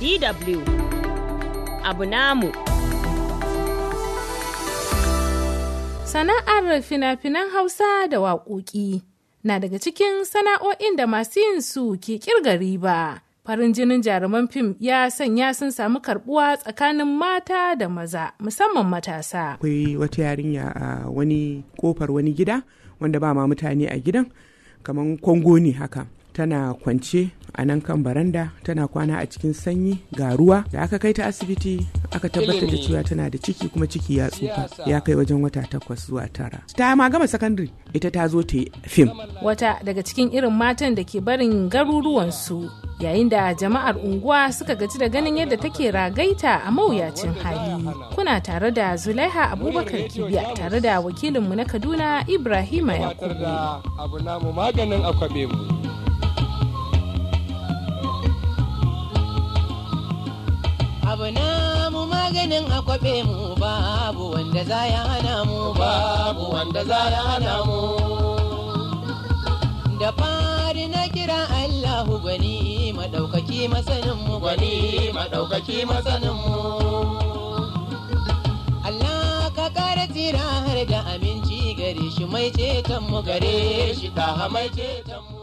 DW abu namu. Sana'ar fina-finan Hausa da waƙoƙi na daga cikin sana'o'in da masu yin su ke ƙirga riba. Farin jinin jaruman fim ya sanya sun samu karbuwa tsakanin mata da maza musamman matasa. Akwai wata yarinya a wani kofar wani gida wanda ba ma mutane a gidan kamar kwango ne haka. tana kwance a nan kan baranda tana kwana a cikin sanyi ga ruwa da aka kai ta asibiti aka tabbatar da cewa tana da ciki kuma ciki ya tsufa ya kai wajen wata takwas zuwa tara ta ma gama sakandare ita ta zo ta fim wata daga cikin irin matan da ke barin garuruwansu yayin da jama'ar unguwa suka gaji da ganin yadda take ragaita a mawuyacin hali kuna tare da zulaiha abubakar kibiya tare da wakilinmu na kaduna ibrahima yakubu abu namu maganin akwabe mu abu na mu maganin akwabe mu babu wanda za ya hana mu babu wanda za ya hana mu da fari na kira Allahu gwani madaukaki masanin mu gani madaukaki masanin mu Allah ka kare tira har da aminci gare shi mai ceton mu gare shi ta mai ceton mu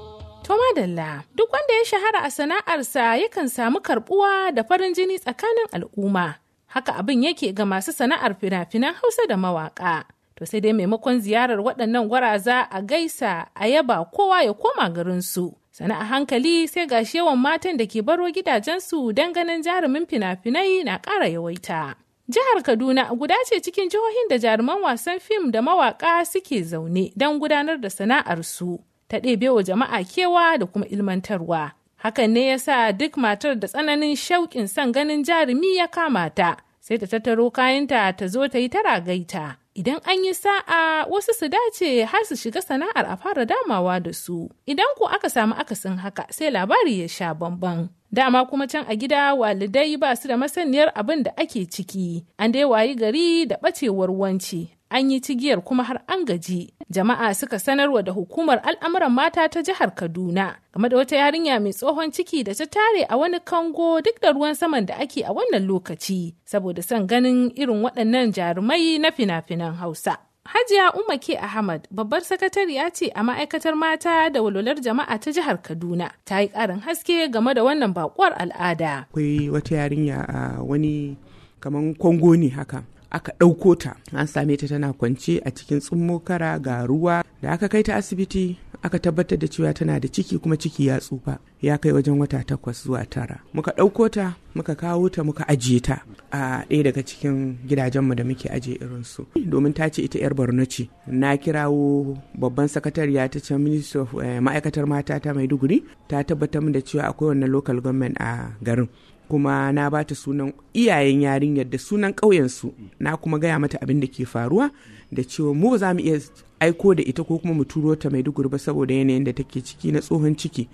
To madalla duk wanda ya shahara a sana'arsa yakan samu karbuwa da farin jini tsakanin al'umma. Haka abin yake ga masu sana'ar fina-finan Hausa da mawaka. To sai dai maimakon ziyarar waɗannan gwaraza a gaisa a yaba kowa ya koma garinsu. Sana'a hankali sai ga yawan matan da ke baro gidajensu don ganin jarumin fina-finai na ƙara yawaita. Jihar Kaduna guda ce cikin jihohin da jaruman wasan fim da mawaka suke zaune don gudanar da sana'arsu. ta wa jama'a kewa da kuma ilmantarwa. Hakan ne ya sa duk matar da tsananin shauƙin son ganin jarumi ya kama ta, sai ta tattaro kayanta ta zo ta yi tara gaita. idan an yi sa'a wasu su dace har su shiga sana'ar a fara damawa da su idan ko aka samu akasin haka sai labari ya sha bamban dama kuma can a gida walidai ba su da masaniyar abin da ake ciki an dai wayi gari da ɓacewar wanci an yi cigiyar kuma har an gaji jama'a suka sanarwa da hukumar al'amuran mata ta jihar kaduna game da wata yarinya mai tsohon ciki da ta tare a wani kango duk da ruwan saman da ake a wannan lokaci saboda son ganin irin waɗannan jarumai na fina-finan hausa Hajiya umarke Ahmad babbar sakatariya ce a ma'aikatar mata da walwalar jama'a ta jihar Kaduna ta yi ƙarin haske game da wannan bakuwar al'ada. Akwai wata yarinya a wani kamar ne haka aka ɗauko ta an same ta tana kwance a cikin tsummokara ga ruwa da aka kai ta asibiti aka tabbatar da cewa tana da ciki kuma ciki ya tsufa ya kai wajen wata takwas zuwa tara muka ɗauko ta muka kawo ta muka ajiye ta a ɗaya daga cikin gidajenmu da muke ajiye irin su. domin ta ce ita 'yar borno ce na kirawo babban sakatariya ta can ministry of eh, ma'aikatar mata ta maiduguri ta tabbatar da cewa akwai wannan local government a garin kuma na ba ta sunan iyayen yarinyar da sunan ƙauyensu na kuma gaya mata abin da ke faruwa da cewa mu ba za mu iya aiko da ita ko kuma mu turo ta mai maiduguri ba saboda yanayin da take ciki na tsohon ciki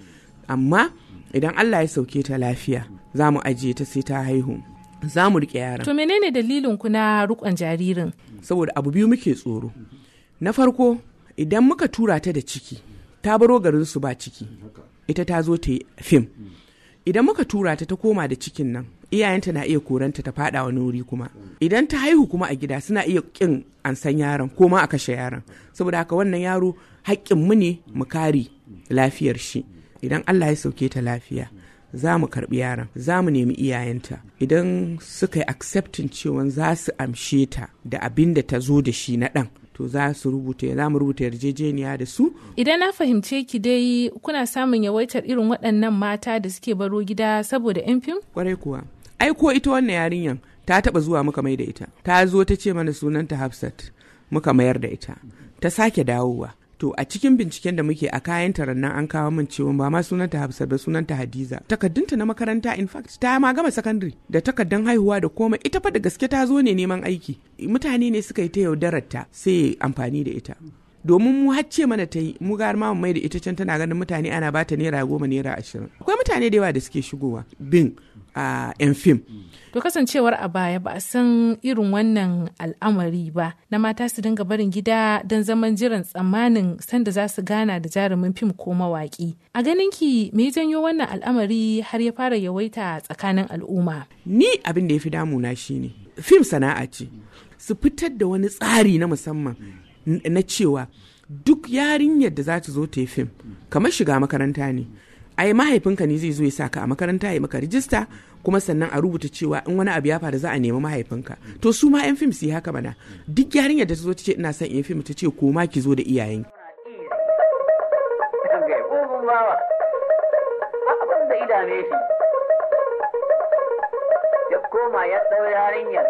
amma idan allah ya sauke ta lafiya za mu ajiye ta sai ta haihu za mu riƙe yaran to menene dalilin ku na rukon jaririn saboda abu biyu muke tsoro na farko idan muka tura ta da ciki ta baro garin su ba ciki ita ta zo ta yi fim idan muka tura ta ta koma da cikin nan iyayenta na iya koranta ta fada wani wuri kuma idan ta haihu kuma a gida suna iya kin an san yaron ko ma a kashe yaron saboda haka wannan yaro haƙƙin mu ne mu kare lafiyar shi idan Allah ya sauke ta lafiya za mu karbi yaron za mu nemi iyayenta idan suka yi accepting cewa za su amshe ta da abin da ta zo da shi na ɗan to za su rubuta za mu rubuta yarjejeniya da su idan na fahimce ki dai kuna samun yawaitar irin waɗannan mata da suke baro gida saboda yan fim kwarai kuwa ai ko ita wannan yarinyan ta taɓa zuwa muka mai da ita ta zo ta ce mana sunanta hafsat muka mayar da ita ta sake dawowa to a cikin binciken da muke a kayan taron nan an kawo min cewa ba ma sunanta Hafsa ba sunanta Hadiza takaddunta na makaranta in fact ta ma gama secondary da takaddan haihuwa da koma ita fa da gaske ta zo ne neman aiki mutane ne suka yi ta yaudarar ta sai amfani da ita domin mu hacce mana ta yi mu ma mai da ita can tana ganin mutane ana bata naira goma naira ashirin akwai mutane da yawa da suke shigowa bin a 'yan fim. To kasancewar a baya ba a san irin wannan al'amari ba na mata su dinga barin gida don zaman jiran tsammanin sanda za su gana da jarumin fim ko mawaƙi. A ganin ki me janyo wannan al'amari har ya fara yawaita tsakanin al'umma? Ni abin da ya fi damuna shine fim sana'a ce su fitar da wani tsari na musamman na cewa duk yarinyar da za ta zo ta yi fim kamar shiga makaranta ne. Ai mahaifinka ne zai zo ya saka a makaranta ya maka rijista kuma sannan a rubuta cewa in wani abu ya faru za a nemi mahaifinka to su ma yan fim su yi haka mana duk yarinyar da ta zo ta ce ina son yan fim ta ce ko ma ki zo da iyayen ya koma ya yarinyar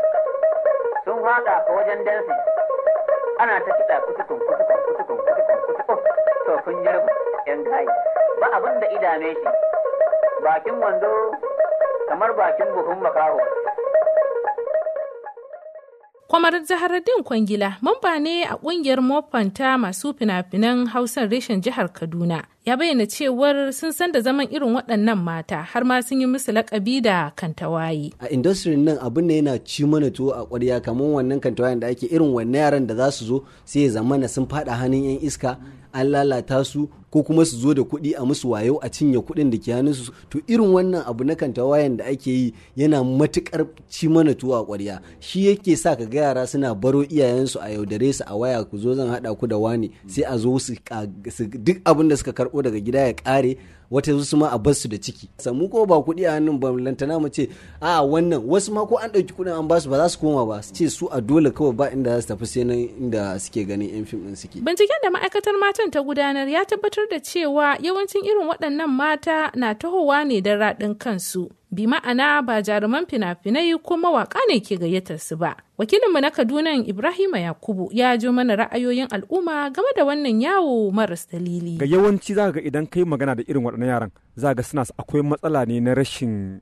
sun haɗa wajen dansi ana ta kiɗa kutukun kutukun kutukun kutukun kutukun to kun yarbu yan ba abin da idame shi bakin wando kamar bakin buhun makaho. Kwamar Zaharaddin Kwangila mamba ne a ƙungiyar mofanta masu fina-finan Hausar reshen jihar Kaduna. ya bayyana cewar sun san da zaman irin waɗannan mata har ma sun yi musu lakabi da kantawaye. A industry nan abin da yana ci mana tuwo a ƙwarya kamar wannan kantawayen da ake irin wannan yaran da za su zo sai ya zamana sun fada hannun 'yan iska an lalata su ko kuma su zo da kuɗi a musu wayo a cinye kuɗin da ke su to irin wannan abu na kantawaye da ake yi yana matukar ci mana tuwo a ƙwarya shi yake sa ka ga yara suna baro iyayensu a yaudare su a waya ku zo zan haɗa ku da wani sai a zo su duk abin da suka karɓo daga gida ya kare wata wasu ma a bar su da ciki samu ko ba kuɗi a hannun ba lantana mu ce a wannan wasu ma ko an ɗauki kuɗin an basu ba za su koma ba su ce su a dole kawai ba inda za su tafi sai nan inda suke ganin yan fim ɗin suke binciken da ma'aikatar matan ta gudanar ya tabbatar da cewa yawancin irin waɗannan mata na tahowa ne da raɗin kansu bi ma'ana ba jaruman fina-finai ko mawaka ne ke gayyatar su ba. Wakilinmu na Kaduna Ibrahima Yakubu ya jo mana ra'ayoyin al'umma game da wannan yawo maras dalili. Ga yawanci za ga idan kai magana da irin waɗannan na yaran za ga suna akwai matsala ne na rashin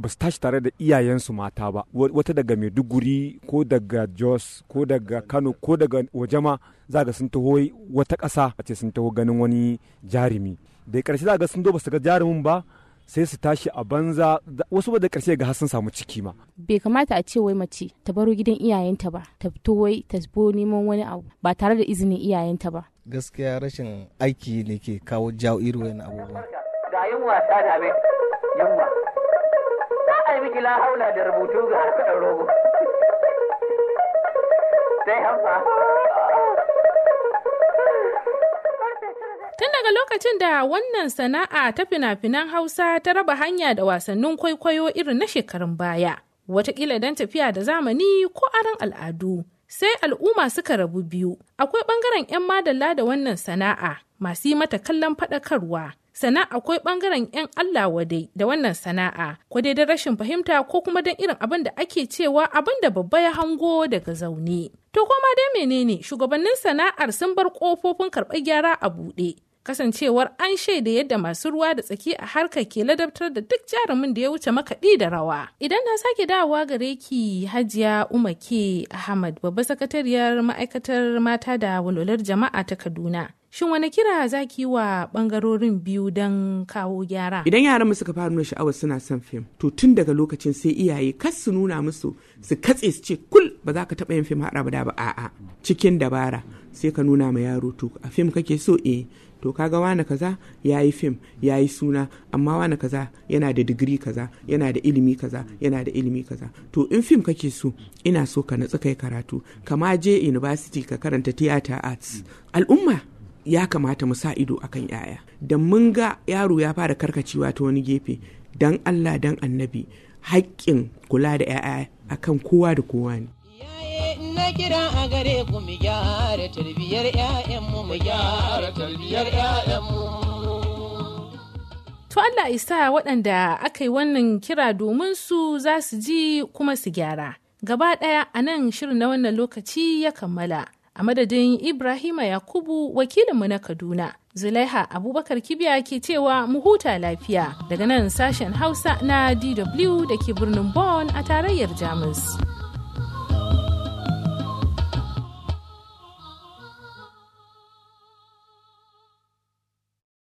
ba su tashi tare da iyayensu mata ba wata daga maiduguri ko daga jos ko daga kano ko daga wajama za ga sun taho wata ƙasa a ce sun taho ganin wani jarumi da ƙarshe za ga sun zo ba su ga jarumin ba sai su tashi a banza wasu ba da ƙarshe ga sun samu ciki ma. Bai kamata a ce wai mace ta baro gidan iyayenta ba, ta fito wai ta neman wani abu ba tare da izinin iyayenta ba. gaskiya rashin aiki ne ke kawo jawo iri wani abubuwa ga yin wasa da abin yunwa za a yi miki haula da rubutu ga harkar rogo sai hamma Tun daga lokacin da wannan sana'a ta fina-finan Hausa ta raba hanya da wasannin kwaikwayo irin na shekarun baya, watakila don tafiya da zamani ko aron al'adu. sai al'umma suka rabu biyu akwai bangaren 'yan madalla da wannan sana'a masu yi mata kallon faɗakarwa sannan akwai bangaren 'yan Allah wadai da wannan sana'a ko dai da rashin fahimta ko kuma don irin abin da ake cewa abin da babba ya hango daga zaune. To kuma dai menene shugabannin sana'ar sun bar kofofin karɓar gyara a buɗe kasancewar an shaida yadda masu ruwa da tsaki a harkar ke ladabtar da duk jarumin da ya wuce makaɗi da rawa. Idan na sake dawowa gare ki Hajiya Umake Ahmad babba sakatariyar ma'aikatar mata da walwalar jama'a ta Kaduna. Shin wani kira za ki wa bangarorin biyu don kawo gyara? Idan yaran suka fara nuna sha'awar suna son fim, to tun daga lokacin sai iyaye kas su nuna musu su katse su ce kul ba za ka taɓa yin fim haɗa ba da ba a'a cikin dabara sai ka nuna ma yaro to a fim kake so eh to kaga wane kaza ya yi fim ya yi suna amma wane kaza yana da digiri kaza yana da ilimi kaza yana da ilimi kaza to in fim kake so ina so ka natsu kai karatu kama je university ka karanta theater arts al'umma ya kamata mu sa ido akan yaya da mun ga yaro ya fara karkacewa ta wani gefe dan Allah dan annabi haƙƙin kula da 'ya'ya akan kowa da kowa ne na kira a gare ku mu gyara tarbiyyar 'ya'yanmu mu gyara tarbiyyar mu. To Allah isa waɗanda aka yi wannan kira domin su za su ji kuma su gyara. Gaba ɗaya a nan shirin na wannan lokaci ya kammala. A madadin Ibrahima Yakubu wakilinmu na Kaduna, Zulaiha Abubakar Kibiya ke cewa mu huta lafiya daga nan sashen Hausa na DW da ke birnin Bonn a tarayyar Jamus.